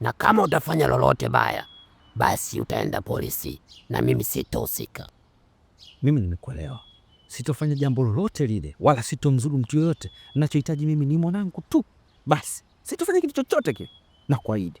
na kama utafanya lolote baya, basi utaenda polisi na mimi sitohusika. Mimi nimekuelewa, sitofanya jambo lolote lile, wala sitomzuru mtu yoyote. Nachohitaji mimi ni mwanangu tu, basi sitofanya kitu chochote kile, na kuahidi.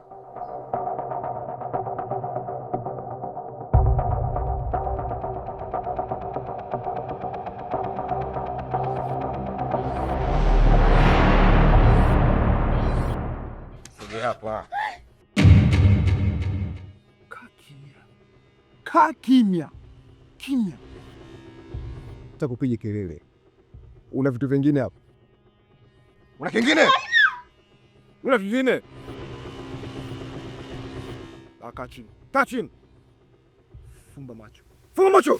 kaa kimya kimya, takupige kelele. Una vitu vingine hapo? Una kingine? Una vingine? Kaa chini, kaa chini, fumba macho, fumba macho.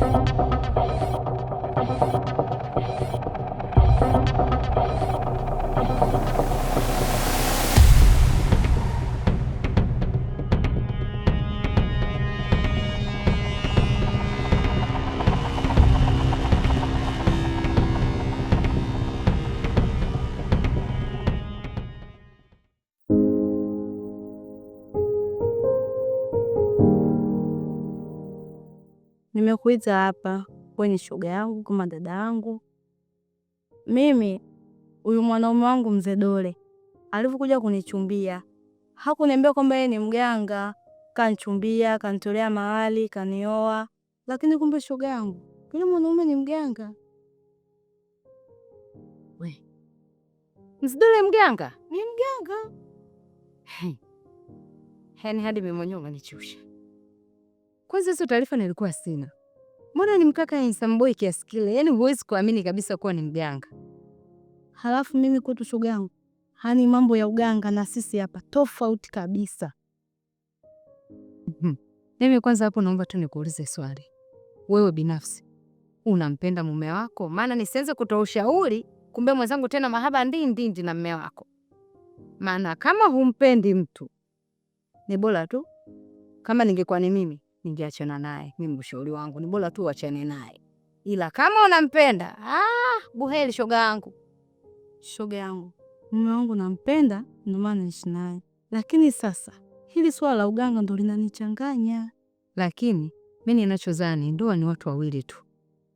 Thank you. nimekuita hapa, kwenye ni shoga yangu kama dada yangu. Mimi huyu mwanaume wangu mzee Dole alivyokuja kunichumbia hakuniambia kwamba yeye ni mganga. Kanchumbia, kanitolea mahali, kanioa, lakini kumbe shoga yangu yule mwanaume ni mganga. We mzee Dole mganga? Ni mganga. Yaani hadi mimi mwenyewe umenichusha. Kwanza hizo taarifa nilikuwa sina. Mbona ni mkaka handsome boy kiasi kile? Yaani huwezi kuamini kabisa kuwa ni mganga. Halafu mimi kwetu shoga yangu, hani mambo ya uganga na sisi hapa tofauti kabisa. Mhm. Mimi kwanza hapo naomba tu nikuulize swali. Wewe binafsi unampenda mume wako? Maana nisianze kutoa ushauri, kumbe mwenzangu tena mahaba ndindi na mume wako. Maana kama humpendi mtu ni bora tu, kama ningekuwa ni mimi ningeachana naye. Mimi mshauri wangu ni bora tu uachane naye, ila kama unampenda ah, buheri shoga yangu, shoga yangu, mume wangu nampenda, ndio maana naishi naye. Lakini sasa hili swala la uganga ndo linanichanganya, lakini mi ninachozani, ndoa ni watu wawili tu,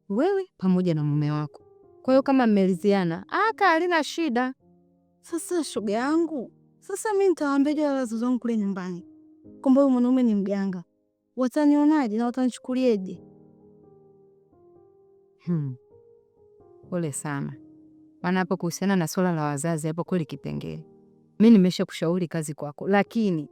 wewe pamoja na mume wako. Kwa hiyo kama mmeliziana aka ah, halina shida. Sasa shoga yangu, sasa mi nitawaambiaje wazazi wangu kule nyumbani kwamba huyu mwanaume ni mganga? watanionaje na watanichukulieje? Hmm. Pole sana, maana hapo kuhusiana na swala la wazazi hapo kweli kipengele. Mi nimesha kushauri kazi kwako, lakini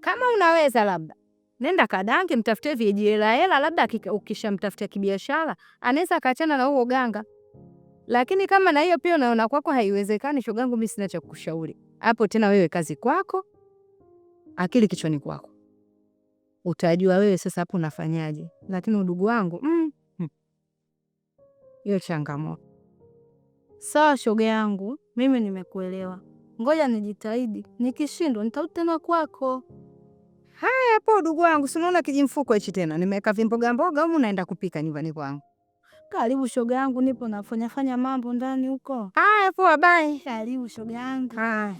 kama unaweza labda nenda kadange, mtafute vijihela, labda ukishamtafutia kibiashara anaweza akaachana na huo ganga. Lakini kama na hiyo pia unaona kwako haiwezekani, shogangu, mi sina cha kushauri hapo tena. Wewe kazi kwako, akili kichwani kwako utajua wewe sasa hapo unafanyaje. Lakini udugu wangu mm, hmm. hiyo changamoto. Sawa shoga yangu, mimi nimekuelewa, ngoja nijitahidi, nikishindwa nitarudi tena kwako. Haya hapo udugu wangu, si unaona kijimfuko hichi tena, nimeweka vimboga mboga humu, naenda kupika nyumbani kwangu. Karibu shoga yangu, nipo nafanyafanya mambo ndani huko. Haya poa, bye. Karibu shoga yangu. Haya.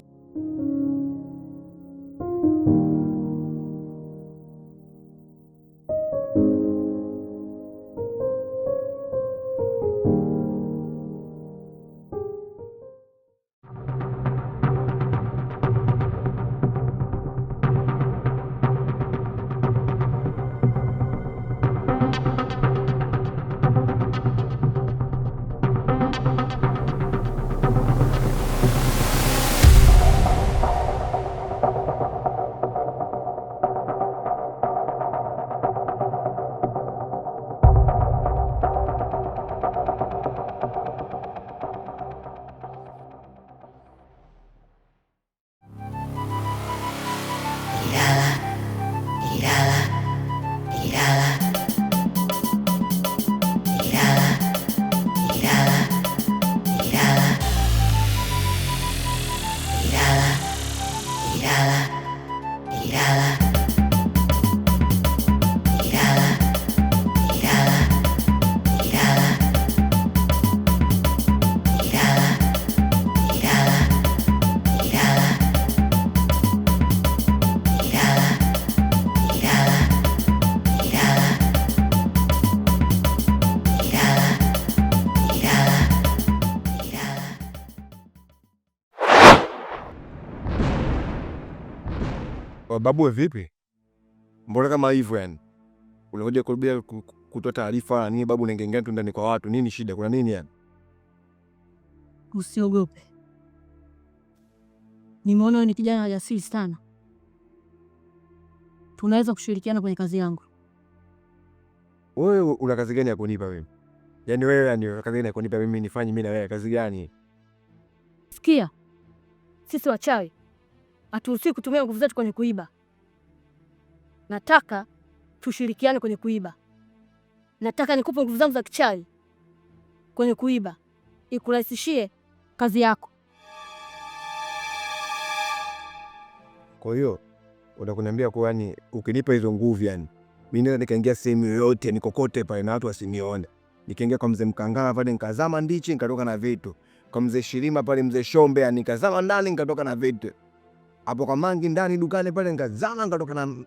Babu vipi? Mbona kama hivyo yani? Unakuja kurudia kutoa taarifa nini babu, nengengea tu ndani kwa watu. Nini shida? Kuna nini yani? Usiogope. Nimeona ni kijana jasiri sana. Tunaweza kushirikiana kwenye kazi yangu. Wewe una kazi gani ya kunipa mimi? Yaani wewe yani una kazi gani ya kunipa mimi nifanye mimi na wewe kazi gani? Sikia. Sisi wachawi haturuhusiwi kutumia nguvu zetu kwenye kuiba. Nataka tushirikiane kwenye kuiba. Nataka nikupe nguvu zangu za kichawi kwenye kuiba, ikurahisishie kazi yako. Kwa hiyo unakuniambia kuwa yani ukinipa hizo nguvu, yani mimi naweza nikaingia sehemu yoyote, nikokote pale na watu wasinione. Nikaingia kwa mzee Mkangala pale nikazama ndichi, nikatoka na vitu. Kwa mzee Shirima pale, mzee Shombe, yani nikazama ndani, nikatoka na vitu hapo kwa mangi ndani dukani pale ngazana ngatoka na,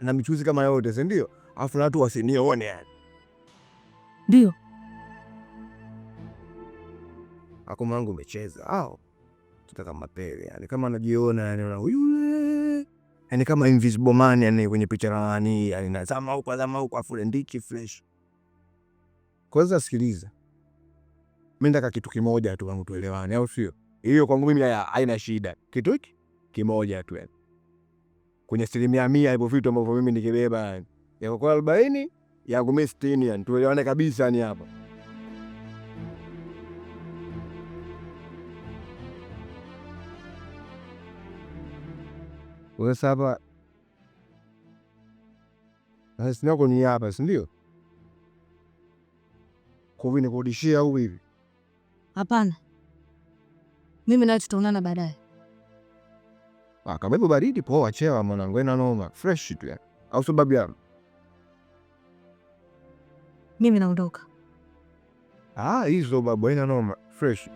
na michuzi kama yote, si ndio? Afu na watu wasinione yani. Ndio. Ako mangu umecheza au tutaka mapele yani kama anajiona yani na huyu eh. yani kama invisible man yani kwenye picha la yani yani nazama huko azama huko afu ndichi fresh. Kwanza sikiliza. Mimi nataka kitu kimoja tu wangu tuelewane au sio? Hiyo kwangu mimi haina shida. Kitu hiki kimoja tu yani, kwenye asilimia mia hivyo vitu ambavyo mimi nikibeba yani, yako kwa arobaini yangu mimi sitini yani, tuelewane kabisa ni hapa. Sasa hapa asini yako ni hapa, si ndio? Kuvi nikurudishia au hivi? Hapana, mimi nawe tutaonana baadaye. Akabeba baridi poa, wachewa mwanangu, ena noma fresh tu ya au sababu ya mimi naondoka. Ah, hizo babu, ena noma fresh.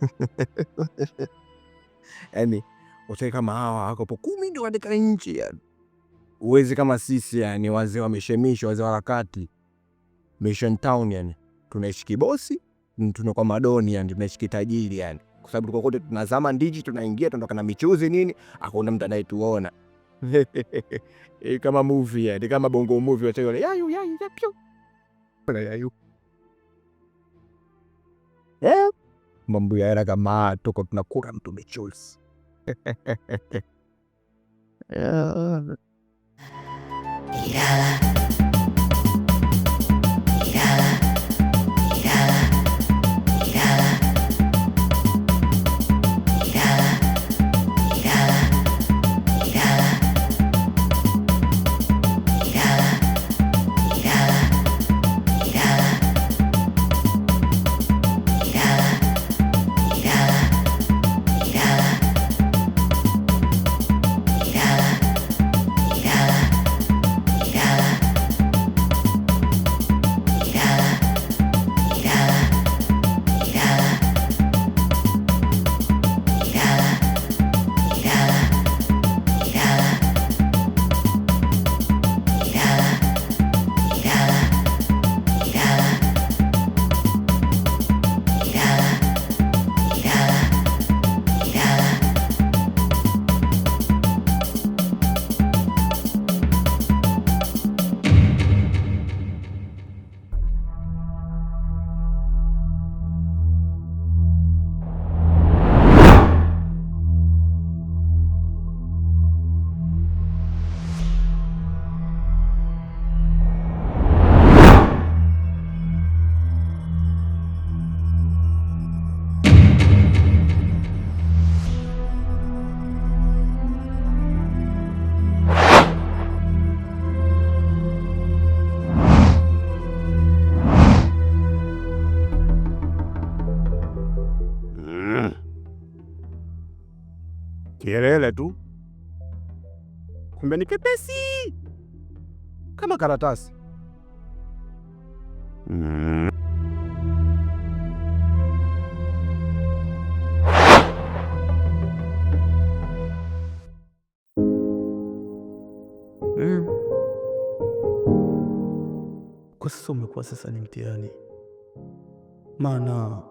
Yani wasai kama hawa po kumi ndio katika nchi yani, uwezi kama sisi yani, wazee wameshemisha, wazee wa harakati Mission Town yani, tunaishi kibosi tunakuwa madoni yani, tunaishi kitajiri yani, kwa sababu tuko kote tunazama ndiji, tunaingia tunatoka na michuzi nini, hakuna mtu anayetuona eh, kama movie yani, kama bongo movie wacha yule yayu yayu yapyo na yayu eh, mambo ya era kama tuko tunakula mtu michuzi yeah. kelele tu, kumbe ni kepesi kama karatasi. Mm. Mm. Kwa sasa umekuwa sasa ni mtihani, maana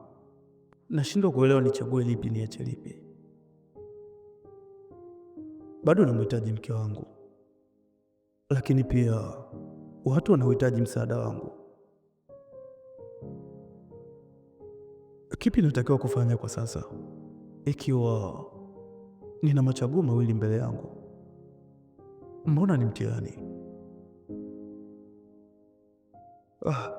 nashindwa kuelewa nichague lipi niache lipi bado namhitaji mke wangu, lakini pia watu wanaohitaji msaada wangu. Kipi natakiwa kufanya kwa sasa, ikiwa nina machaguo mawili mbele yangu? Mbona ni mtihani? Ah,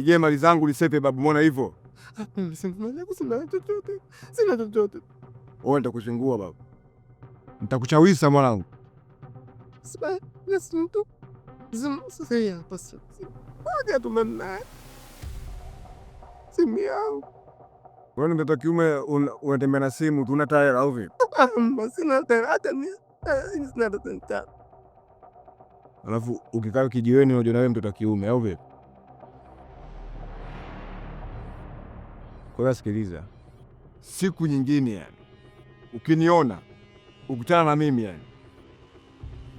nije mali zangu lisepe babu, mbona hivyo? Sina chochote, sina chochote. Wewe nitakuzingua babu, nitakuchawisa mwanangu. Simu yangu wewe, mtoto kiume unatembea na simu tu, una tayari au vipi? Eh, Alafu ukikaa kijiweni unajua na wewe mtoto kiume au vipi? Kwa hiyo sikiliza, siku nyingine yani ukiniona ukutana na mimi yani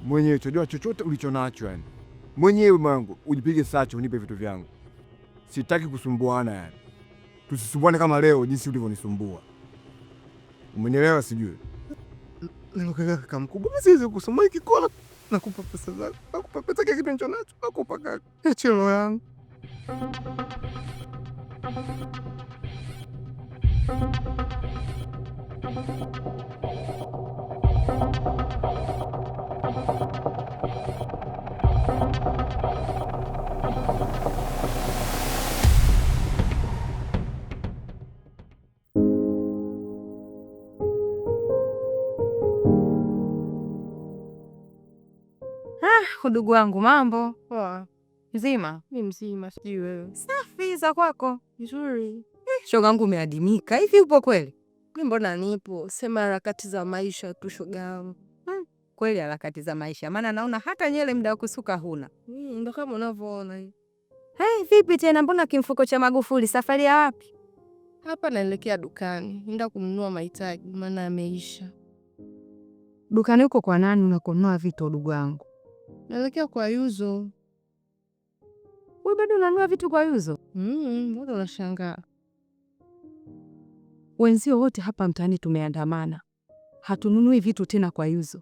mwenyewe, chojua chochote ulicho nacho yani mwenyewe mwangu, ujipige sacho, unipe vitu vyangu. Sitaki kusumbuana yani, tusisumbuane kama leo jinsi ulivyonisumbua. Umenielewa? Sijui nilokaka kaka mkubwa, siwezi kusumbua ikikola nakupa pesa zako, nakupa pesa kile kitu nilicho nacho, nakupa kaka chelo yangu Ah, udugu wangu mambo? Poa. Mzima? ni mzima, sijui wewe. Safi, za kwako? Nzuri shoga yangu umeadimika hivi, upo kweli? Mi mbona nipo, sema harakati za maisha tu shoga yangu. Hmm, kweli harakati za maisha, maana naona hata nywele muda wa kusuka huna. Hmm, ndo kama unavyoona hii. Hey, vipi tena, mbona kimfuko cha Magufuli? Safari ya wapi? Hapa naelekea dukani, nenda kununua mahitaji, maana ameisha. Dukani huko kwa nani unakonoa vitu, ndugu yangu? Naelekea kwa Yuzo. Wewe bado unanunua vitu kwa Yuzo? Mm, mbona unashangaa? Wenzio wote hapa mtaani tumeandamana, hatununui vitu tena kwa Yuzo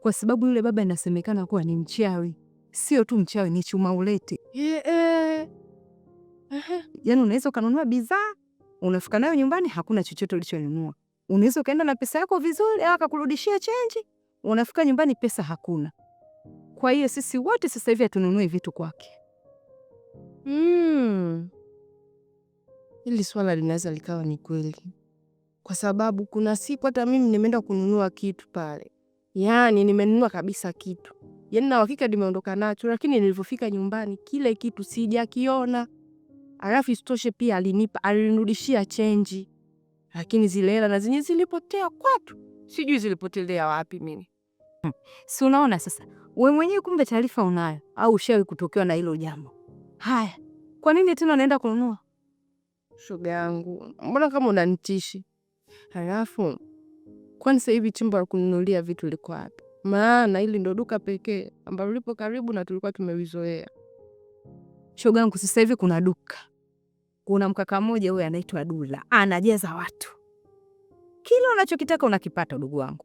kwa sababu yule baba inasemekana kuwa ni mchawi. Sio tu mchawi, ni chuma ulete. yeah, e-, eh. Yaani unaweza ukanunua bidhaa unafika nayo nyumbani, hakuna chochote ulichonunua. Unaweza ukaenda na pesa yako vizuri, au akakurudishia chenji, unafika nyumbani pesa hakuna. Kwa hiyo sisi wote sasa hivi hatununui vitu kwake. Mm. Hili swala linaweza likawa ni kweli kwa sababu kuna siku hata mimi nimeenda kununua kitu pale, yaani nimenunua kabisa kitu, yaani na uhakika nimeondoka nacho, lakini nilivyofika nyumbani kile kitu sijakiona. Alafu isitoshe pia alinipa alinirudishia chenji, lakini zile hela na zenye zilipotea kwatu, sijui zilipotelea wapi mimi. Hmm. Si unaona sasa, we mwenyewe kumbe taarifa unayo au ushawi kutokewa na hilo jambo? Haya, kwa nini tena unaenda kununua? Shoga yangu, mbona kama unanitishi? Halafu kwani sasa hivi chumba la kununulia vitu liko wapi? Maana hili ndo duka pekee ambalo lipo karibu na tulikuwa tumevizoea Shoga yangu, sasa hivi kuna duka, kuna mkaka mmoja huyo anaitwa Dula, anajaza watu, kila unachokitaka unakipata, ndugu wangu.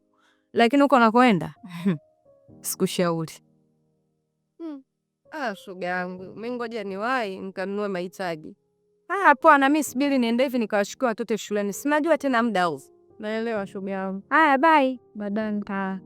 Lakini huko nakoenda hmm, sikushauri. Hmm. Ah, shoga yangu, mi ngoja niwahi nikanunue mahitaji. Ah, poa mimi sibili niende hivi nikawashukua watoto shuleni. Sinajua tena muda huu. Naelewa shughuli yangu. Haya, bye. Baadaye nita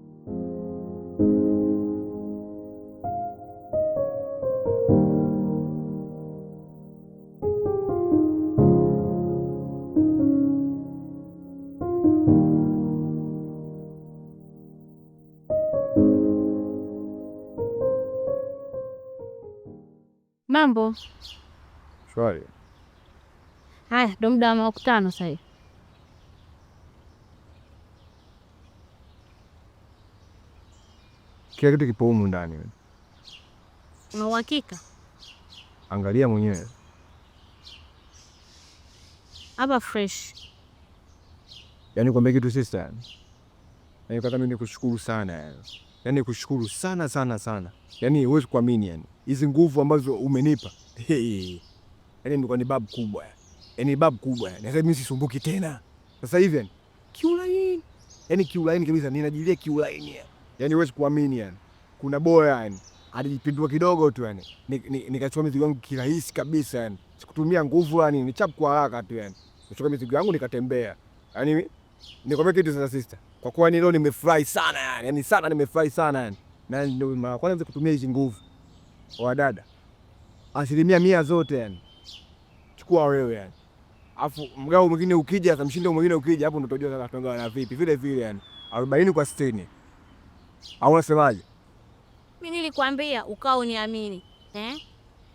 Mambo. Shwari. Haya, ndo muda wa makutano sasa hivi. Kila kitu kipo humu ndani. Una uhakika? Angalia mwenyewe hapa, fresh. Yaani kwambia kitu sista, yani yaani, yaani kata, mimi nikushukuru sana yani, yaani, yaani kushukuru sana sana sana, yaani huwezi kuamini yani hizi nguvu ambazo umenipa, yaani kwa ni babu kubwa ya. Yaani yani babu kubwa, yani sasa yaani mimi sisumbuki tena sasa hivi yani kiulaini, yani kiulaini kabisa, ninajilia kiulaini yani yaani huwezi kuamini yani. Kuna boya yani alijipindua kidogo tu yani, nikachukua ni, ni mizigo yangu kirahisi kabisa yani, sikutumia nguvu yani, ni chap kwa haraka tu yani, nikachukua mizigo yangu nikatembea yani. Nikwambia kitu sasa sister, kwa kuwa ni leo nimefurahi sana yani, yani sana nimefurahi sana yani, na ndio mara kwanza kutumia hizi nguvu wa dada asilimia mia zote yani, chukua wewe yani afu mgao mwingine ukija akamshinda mwingine ukija, hapo ndo utajua sasa na vipi vile vile, yani arobaini kwa 60 au unasemaje? Mimi nilikwambia ukao niamini eh?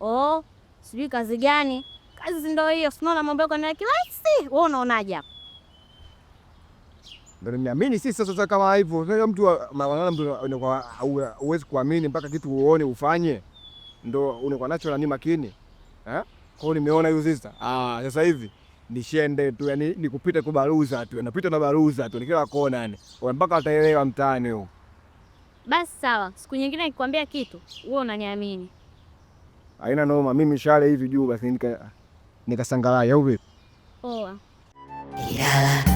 Oh, sijui kazi gani? Kazi ndio hiyo, sinaona mambo yako na kirahisi. Wewe unaonaje hapo? Ndio niamini sisi sasa, sasa kama hivyo sasa, mtu wanaona mtu huwezi kuamini mpaka kitu uone ufanye, ndo unakuwa nacho na ni makini eh? Kwa hiyo nimeona hiyo sister ah, sasa hivi nishende tu, yani nikupite tu baruza tu, napita na baruza tu nikila kona, yani mpaka wataelewa mtaani huko. Basi sawa, siku nyingine nikwambia kitu wewe unaniamini. Haina noma, mimi shale hivi juu basi nikasangalai nika au vipi? Poa. Yeah.